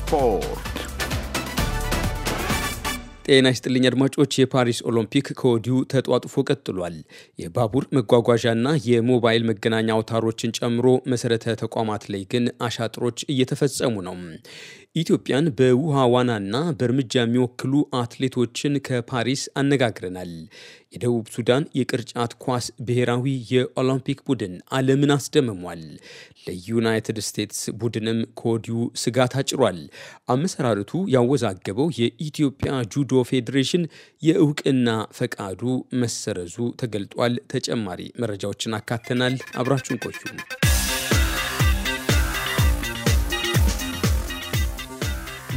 ስፖርት። ጤና ይስጥልኝ አድማጮች። የፓሪስ ኦሎምፒክ ከወዲሁ ተጧጥፎ ቀጥሏል። የባቡር መጓጓዣና የሞባይል መገናኛ አውታሮችን ጨምሮ መሰረተ ተቋማት ላይ ግን አሻጥሮች እየተፈጸሙ ነው። ኢትዮጵያን በውሃ ዋናና በእርምጃ የሚወክሉ አትሌቶችን ከፓሪስ አነጋግረናል። የደቡብ ሱዳን የቅርጫት ኳስ ብሔራዊ የኦሎምፒክ ቡድን ዓለምን አስደምሟል። ለዩናይትድ ስቴትስ ቡድንም ከወዲሁ ስጋት አጭሯል። አመሰራረቱ ያወዛገበው የኢትዮጵያ ጁዶ ፌዴሬሽን የእውቅና ፈቃዱ መሰረዙ ተገልጧል። ተጨማሪ መረጃዎችን አካተናል። አብራችሁን ቆዩ።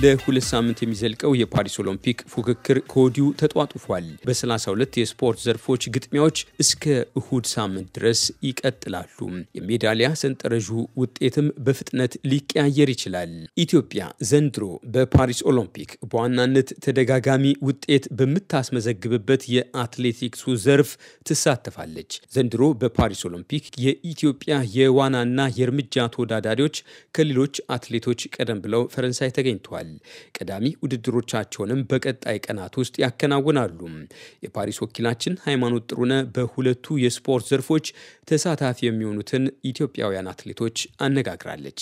ለሁለት ሳምንት የሚዘልቀው የፓሪስ ኦሎምፒክ ፉክክር ከወዲሁ ተጧጡፏል። በ32 የስፖርት ዘርፎች ግጥሚያዎች እስከ እሁድ ሳምንት ድረስ ይቀጥላሉ። የሜዳሊያ ሰንጠረዡ ውጤትም በፍጥነት ሊቀያየር ይችላል። ኢትዮጵያ ዘንድሮ በፓሪስ ኦሎምፒክ በዋናነት ተደጋጋሚ ውጤት በምታስመዘግብበት የአትሌቲክሱ ዘርፍ ትሳተፋለች። ዘንድሮ በፓሪስ ኦሎምፒክ የኢትዮጵያ የዋናና የእርምጃ ተወዳዳሪዎች ከሌሎች አትሌቶች ቀደም ብለው ፈረንሳይ ተገኝተዋል። ቀዳሚ ውድድሮቻቸውንም በቀጣይ ቀናት ውስጥ ያከናውናሉ። የፓሪስ ወኪላችን ሃይማኖት ጥሩነ በሁለቱ የስፖርት ዘርፎች ተሳታፊ የሚሆኑትን ኢትዮጵያውያን አትሌቶች አነጋግራለች።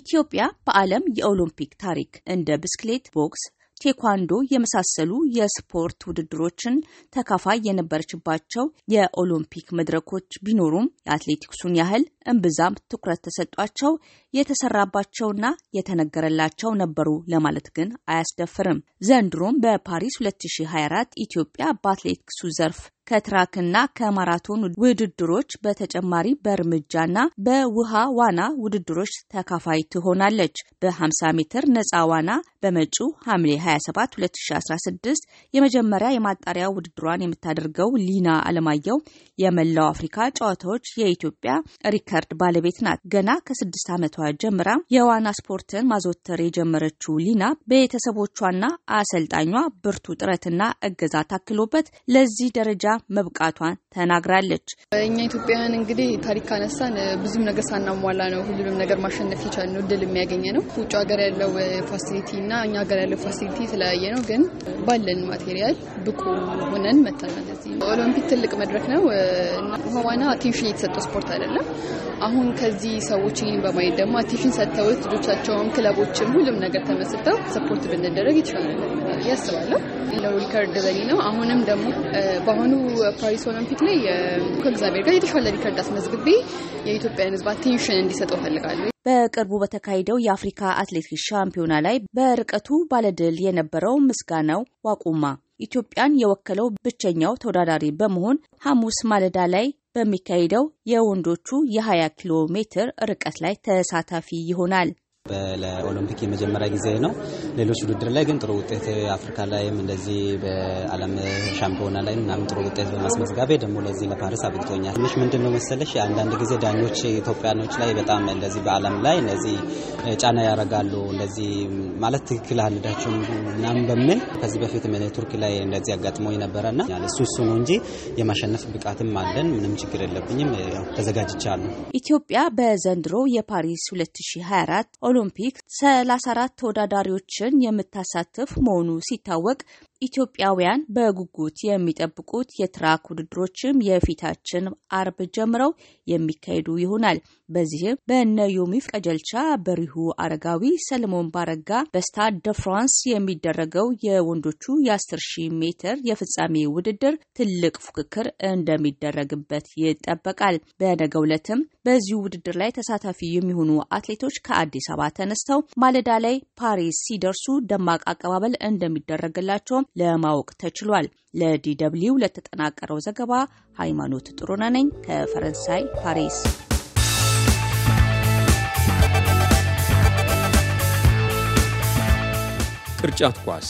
ኢትዮጵያ በዓለም የኦሎምፒክ ታሪክ እንደ ብስክሌት፣ ቦክስ፣ ቴኳንዶ የመሳሰሉ የስፖርት ውድድሮችን ተካፋይ የነበረችባቸው የኦሎምፒክ መድረኮች ቢኖሩም የአትሌቲክሱን ያህል እምብዛም ትኩረት ተሰጧቸው የተሰራባቸውና የተነገረላቸው ነበሩ ለማለት ግን አያስደፍርም። ዘንድሮም በፓሪስ 2024 ኢትዮጵያ በአትሌቲክሱ ዘርፍ ከትራክና ከማራቶን ውድድሮች በተጨማሪ በእርምጃና በውሃ ዋና ውድድሮች ተካፋይ ትሆናለች። በ50 ሜትር ነፃ ዋና በመጪው ሐምሌ 27 2016 የመጀመሪያ የማጣሪያ ውድድሯን የምታደርገው ሊና አለማየሁ የመላው አፍሪካ ጨዋታዎች የኢትዮጵያ ሪከርድ ባለቤት ናት። ገና ከስድስት ዓመቷ ጀምራ የዋና ስፖርትን ማዘወተር የጀመረችው ሊና ቤተሰቦቿና አሰልጣኟ ብርቱ ጥረትና እገዛ ታክሎበት ለዚህ ደረጃ መብቃቷን ተናግራለች። እኛ ኢትዮጵያውያን እንግዲህ ታሪክ ካነሳን ብዙም ነገር ሳናሟላ ነው ሁሉንም ነገር ማሸነፍ የቻልነው ድል የሚያገኘ ነው። ውጭ ሀገር ያለው ፋሲሊቲ እና እኛ ሀገር ያለው ፋሲሊቲ የተለያየ ነው። ግን ባለን ማቴሪያል ብቁ ሆነን መተናል። ኦሎምፒክ ትልቅ መድረክ ነው እና ሆዋና አቴንሽን የተሰጠው ስፖርት አይደለም። አሁን ከዚህ ሰዎች ይህን በማየት ደግሞ አቴንሽን ሰጥተውት ልጆቻቸውም፣ ክለቦችም ሁሉም ነገር ተመስጠው ሰፖርት ብንደረግ ይችላል ያስባለሁ። ለሪከርድ በኝ ነው። አሁንም ደግሞ በአሁኑ ፓሪስ ኦሎምፒክ ላይ ከእግዚአብሔር ጋር የተሻለ ሪከርድ አስመዝግቤ የኢትዮጵያን ሕዝብ አቴንሽን እንዲሰጠው እፈልጋለሁ። በቅርቡ በተካሄደው የአፍሪካ አትሌቲክስ ሻምፒዮና ላይ በርቀቱ ባለድል የነበረው ምስጋናው ዋቁማ ኢትዮጵያን የወከለው ብቸኛው ተወዳዳሪ በመሆን ሐሙስ ማለዳ ላይ በሚካሄደው የወንዶቹ የ20 ኪሎ ሜትር ርቀት ላይ ተሳታፊ ይሆናል። ለኦሎምፒክ የመጀመሪያ ጊዜ ነው። ሌሎች ውድድር ላይ ግን ጥሩ ውጤት አፍሪካ ላይም እንደዚህ በዓለም ሻምፒዮና ላይ ምናምን ጥሩ ውጤት በማስመዝጋቤ ደግሞ ለዚህ ለፓሪስ አብቅቶኛል። ትንሽ ምንድን ነው መሰለሽ አንዳንድ ጊዜ ዳኞች ኢትዮጵያኖች ላይ በጣም እንደዚህ በዓለም ላይ እንደዚህ ጫና ያደርጋሉ። እንደዚህ ማለት ትክክል አልዳችሁ ምናምን በሚል ከዚህ በፊት ቱርክ ላይ እንደዚህ አጋጥሞኝ ነበረና እሱ እሱ ነው እንጂ የማሸነፍ ብቃትም አለን። ምንም ችግር የለብኝም። ተዘጋጅቻለሁ። ኢትዮጵያ በዘንድሮ የፓሪስ 2024 ኦሎምፒክ 34 ተወዳዳሪዎችን የምታሳትፍ መሆኑ ሲታወቅ ኢትዮጵያውያን በጉጉት የሚጠብቁት የትራክ ውድድሮችም የፊታችን አርብ ጀምረው የሚካሄዱ ይሆናል። በዚህም በነ ዮሚፍ ቀጀልቻ፣ በሪሁ አረጋዊ፣ ሰለሞን ባረጋ በስታድ ደ ፍራንስ የሚደረገው የወንዶቹ የ10 ሺህ ሜትር የፍጻሜ ውድድር ትልቅ ፉክክር እንደሚደረግበት ይጠበቃል። በነገው ዕለትም በዚሁ ውድድር ላይ ተሳታፊ የሚሆኑ አትሌቶች ከአዲስ አበባ ተነስተው ማለዳ ላይ ፓሪስ ሲደርሱ ደማቅ አቀባበል እንደሚደረግላቸውም ለማወቅ ተችሏል። ለዲደብሊው ለተጠናቀረው ዘገባ ሃይማኖት ጥሩና ነኝ ከፈረንሳይ ፓሪስ። ቅርጫት ኳስ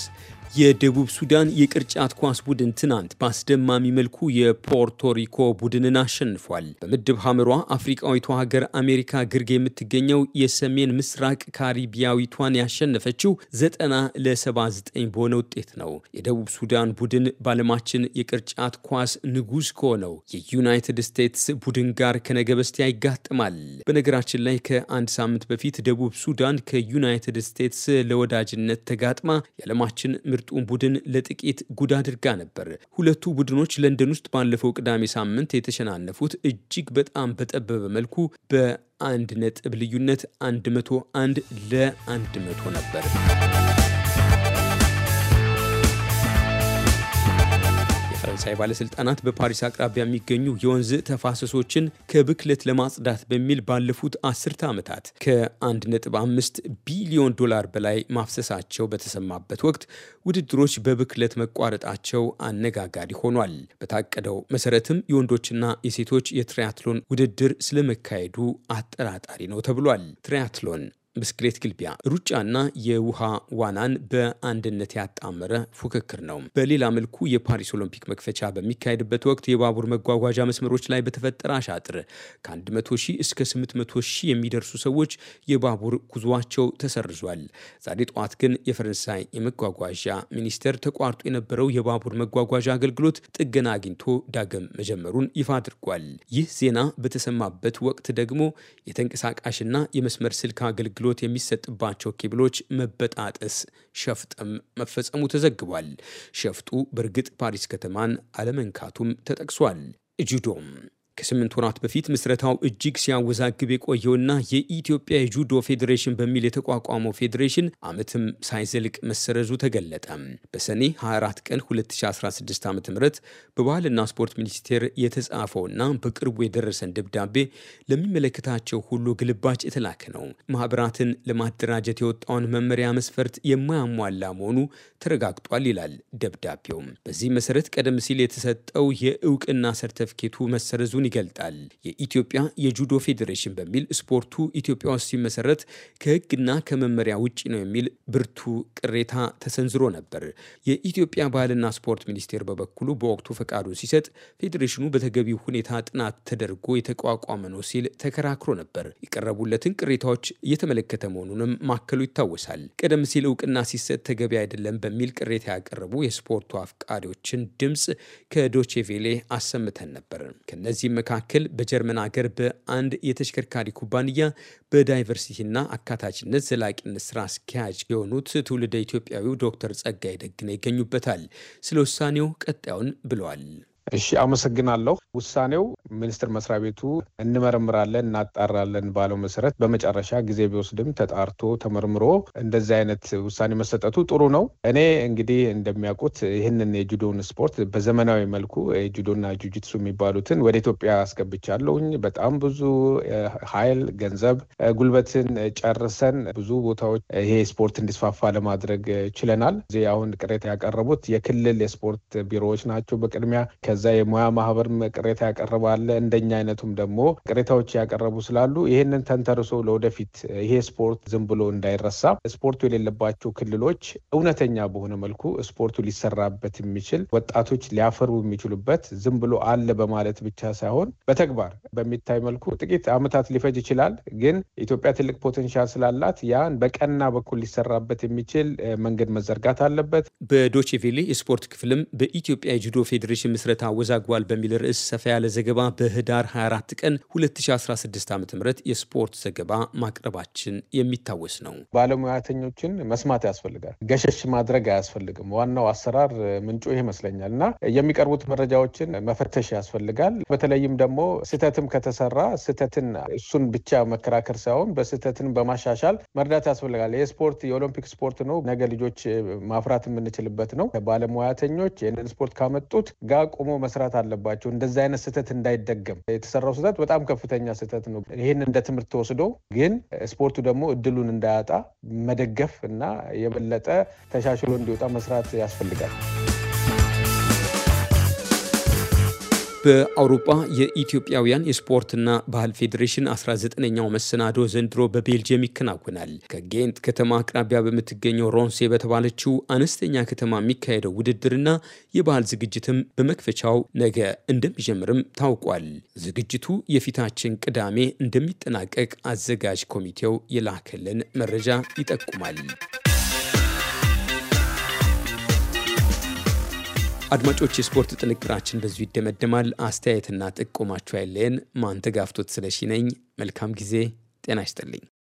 የደቡብ ሱዳን የቅርጫት ኳስ ቡድን ትናንት በአስደማሚ መልኩ የፖርቶሪኮ ቡድንን አሸንፏል። በምድብ ሐምሯ አፍሪቃዊቷ ሀገር አሜሪካ ግርጌ የምትገኘው የሰሜን ምስራቅ ካሪቢያዊቷን ያሸነፈችው 90 ለ79 በሆነ ውጤት ነው። የደቡብ ሱዳን ቡድን በዓለማችን የቅርጫት ኳስ ንጉሥ ከሆነው የዩናይትድ ስቴትስ ቡድን ጋር ከነገ በስቲያ ይጋጥማል። በነገራችን ላይ ከአንድ ሳምንት በፊት ደቡብ ሱዳን ከዩናይትድ ስቴትስ ለወዳጅነት ተጋጥማ የዓለማችን ምርጡን ቡድን ለጥቂት ጉድ አድርጋ ነበር። ሁለቱ ቡድኖች ለንደን ውስጥ ባለፈው ቅዳሜ ሳምንት የተሸናነፉት እጅግ በጣም በጠበበ መልኩ በአንድ ነጥብ ልዩነት 101 ለ100 ነበር። የፈረንሳይ ባለስልጣናት በፓሪስ አቅራቢያ የሚገኙ የወንዝ ተፋሰሶችን ከብክለት ለማጽዳት በሚል ባለፉት አስርተ ዓመታት ከ1.5 ቢሊዮን ዶላር በላይ ማፍሰሳቸው በተሰማበት ወቅት ውድድሮች በብክለት መቋረጣቸው አነጋጋሪ ሆኗል። በታቀደው መሰረትም የወንዶችና የሴቶች የትሪያትሎን ውድድር ስለመካሄዱ አጠራጣሪ ነው ተብሏል። ትሪያትሎን ብስክሌት ግልቢያ፣ ሩጫና የውሃ ዋናን በአንድነት ያጣመረ ፉክክር ነው። በሌላ መልኩ የፓሪስ ኦሎምፒክ መክፈቻ በሚካሄድበት ወቅት የባቡር መጓጓዣ መስመሮች ላይ በተፈጠረ አሻጥር ከ100 ሺህ እስከ 800 ሺህ የሚደርሱ ሰዎች የባቡር ጉዟቸው ተሰርዟል። ዛሬ ጠዋት ግን የፈረንሳይ የመጓጓዣ ሚኒስቴር ተቋርጦ የነበረው የባቡር መጓጓዣ አገልግሎት ጥገና አግኝቶ ዳግም መጀመሩን ይፋ አድርጓል። ይህ ዜና በተሰማበት ወቅት ደግሞ የተንቀሳቃሽና የመስመር ስልክ አገልግሎት አገልግሎት የሚሰጥባቸው ኬብሎች መበጣጠስ ሸፍጥም መፈጸሙ ተዘግቧል። ሸፍጡ በእርግጥ ፓሪስ ከተማን አለመንካቱም ተጠቅሷል። ጁዶም ከስምንት ወራት በፊት ምስረታው እጅግ ሲያወዛግብ የቆየውና የኢትዮጵያ የጁዶ ፌዴሬሽን በሚል የተቋቋመው ፌዴሬሽን ዓመትም ሳይዘልቅ መሰረዙ ተገለጠ። በሰኔ 24 ቀን 2016 ዓ ም በባህልና ስፖርት ሚኒስቴር የተጻፈውና በቅርቡ የደረሰን ደብዳቤ ለሚመለከታቸው ሁሉ ግልባጭ የተላከ ነው። ማኅበራትን ለማደራጀት የወጣውን መመሪያ መስፈርት የማያሟላ መሆኑ ተረጋግጧል ይላል ደብዳቤው። በዚህ መሰረት ቀደም ሲል የተሰጠው የእውቅና ሰርተፍኬቱ መሰረዙ መሰራቱን ይገልጣል። የኢትዮጵያ የጁዶ ፌዴሬሽን በሚል ስፖርቱ ኢትዮጵያ ውስጥ ሲመሰረት ከሕግና ከመመሪያ ውጭ ነው የሚል ብርቱ ቅሬታ ተሰንዝሮ ነበር። የኢትዮጵያ ባህልና ስፖርት ሚኒስቴር በበኩሉ በወቅቱ ፈቃዱን ሲሰጥ ፌዴሬሽኑ በተገቢው ሁኔታ ጥናት ተደርጎ የተቋቋመ ነው ሲል ተከራክሮ ነበር። የቀረቡለትን ቅሬታዎች እየተመለከተ መሆኑንም ማከሉ ይታወሳል። ቀደም ሲል እውቅና ሲሰጥ ተገቢ አይደለም በሚል ቅሬታ ያቀረቡ የስፖርቱ አፍቃሪዎችን ድምፅ ከዶቼቬሌ አሰምተን ነበር። ከነዚህ ከእነዚህም መካከል በጀርመን ሀገር በአንድ የተሽከርካሪ ኩባንያ በዳይቨርሲቲና አካታችነት ዘላቂነት ስራ አስኪያጅ የሆኑት ትውልደ ኢትዮጵያዊው ዶክተር ጸጋይ ደግነ ይገኙበታል። ስለ ውሳኔው ቀጣዩን ብለዋል። እሺ አመሰግናለሁ። ውሳኔው ሚኒስቴር መስሪያ ቤቱ እንመረምራለን እናጣራለን ባለው መሰረት በመጨረሻ ጊዜ ቢወስድም ተጣርቶ ተመርምሮ እንደዚህ አይነት ውሳኔ መሰጠቱ ጥሩ ነው። እኔ እንግዲህ እንደሚያውቁት ይህንን የጁዶን ስፖርት በዘመናዊ መልኩ ጁዶና ጁጅትሱ የሚባሉትን ወደ ኢትዮጵያ አስገብቻለሁኝ። በጣም ብዙ ኃይል፣ ገንዘብ፣ ጉልበትን ጨርሰን ብዙ ቦታዎች ይሄ ስፖርት እንዲስፋፋ ለማድረግ ችለናል። እዚህ አሁን ቅሬታ ያቀረቡት የክልል የስፖርት ቢሮዎች ናቸው በቅድሚያ ከዛ የሙያ ማህበር ቅሬታ ያቀርባለ እንደኛ አይነቱም ደግሞ ቅሬታዎች ያቀረቡ ስላሉ ይህንን ተንተርሶ ለወደፊት ይሄ ስፖርት ዝም ብሎ እንዳይረሳ ስፖርቱ የሌለባቸው ክልሎች እውነተኛ በሆነ መልኩ ስፖርቱ ሊሰራበት የሚችል ወጣቶች ሊያፈርቡ የሚችሉበት ዝም ብሎ አለ በማለት ብቻ ሳይሆን በተግባር በሚታይ መልኩ ጥቂት ዓመታት ሊፈጅ ይችላል። ግን ኢትዮጵያ ትልቅ ፖቴንሻል ስላላት ያን በቀና በኩል ሊሰራበት የሚችል መንገድ መዘርጋት አለበት። በዶቼ የስፖርት ክፍልም በኢትዮጵያ የጁዶ ፌዴሬሽን ምስረታ አወዛግቧል በሚል ርዕስ ሰፋ ያለ ዘገባ በህዳር 24 ቀን 2016 ዓ ም የስፖርት ዘገባ ማቅረባችን የሚታወስ ነው። ባለሙያተኞችን መስማት ያስፈልጋል። ገሸሽ ማድረግ አያስፈልግም። ዋናው አሰራር ምንጩ ይህ ይመስለኛል እና የሚቀርቡት መረጃዎችን መፈተሽ ያስፈልጋል። በተለይም ደግሞ ስህተትም ከተሰራ ስህተትን እሱን ብቻ መከራከር ሳይሆን በስህተትን በማሻሻል መርዳት ያስፈልጋል። የስፖርት የኦሎምፒክ ስፖርት ነው። ነገ ልጆች ማፍራት የምንችልበት ነው። ባለሙያተኞች ይህንን ስፖርት ካመጡት ጋር ደግሞ መስራት አለባቸው። እንደዚህ አይነት ስህተት እንዳይደገም የተሰራው ስህተት በጣም ከፍተኛ ስህተት ነው። ይህን እንደ ትምህርት ተወስዶ ግን ስፖርቱ ደግሞ እድሉን እንዳያጣ መደገፍ እና የበለጠ ተሻሽሎ እንዲወጣ መስራት ያስፈልጋል። በአውሮፓ የኢትዮጵያውያን የስፖርትና ባህል ፌዴሬሽን 19ኛው መሰናዶ ዘንድሮ በቤልጅየም ይከናወናል። ከጌንት ከተማ አቅራቢያ በምትገኘው ሮንሴ በተባለችው አነስተኛ ከተማ የሚካሄደው ውድድርና የባህል ዝግጅትም በመክፈቻው ነገ እንደሚጀምርም ታውቋል። ዝግጅቱ የፊታችን ቅዳሜ እንደሚጠናቀቅ አዘጋጅ ኮሚቴው የላከልን መረጃ ይጠቁማል። አድማጮች፣ የስፖርት ጥንቅራችን በዚሁ ይደመደማል። አስተያየትና ጥቆማችሁ ያለን ማንተጋፍቶት ስለሺ ነኝ። መልካም ጊዜ። ጤና ይስጥልኝ።